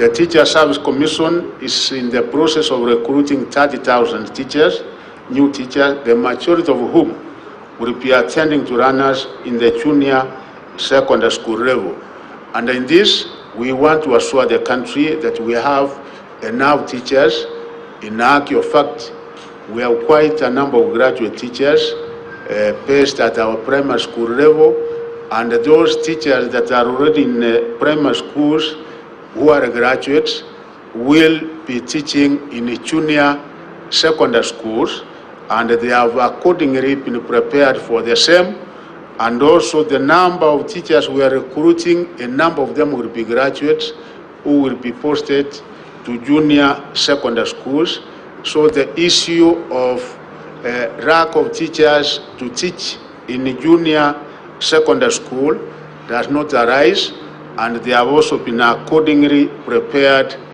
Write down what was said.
The Teacher Service Commission is in the process of recruiting 30,000 teachers, new teachers, the majority of whom will be attending to runners in the junior secondary school level. And in this, we want to assure the country that we have enough teachers. In actual fact, we have quite a number of graduate teachers uh, based at our primary school level, and those teachers that are already in uh, primary schools who are graduates will be teaching in junior secondary schools and they have accordingly been prepared for the same and also the number of teachers we are recruiting a number of them will be graduates who will be posted to junior secondary schools so the issue of uh, lack of teachers to teach in junior secondary school does not arise and they have also been accordingly prepared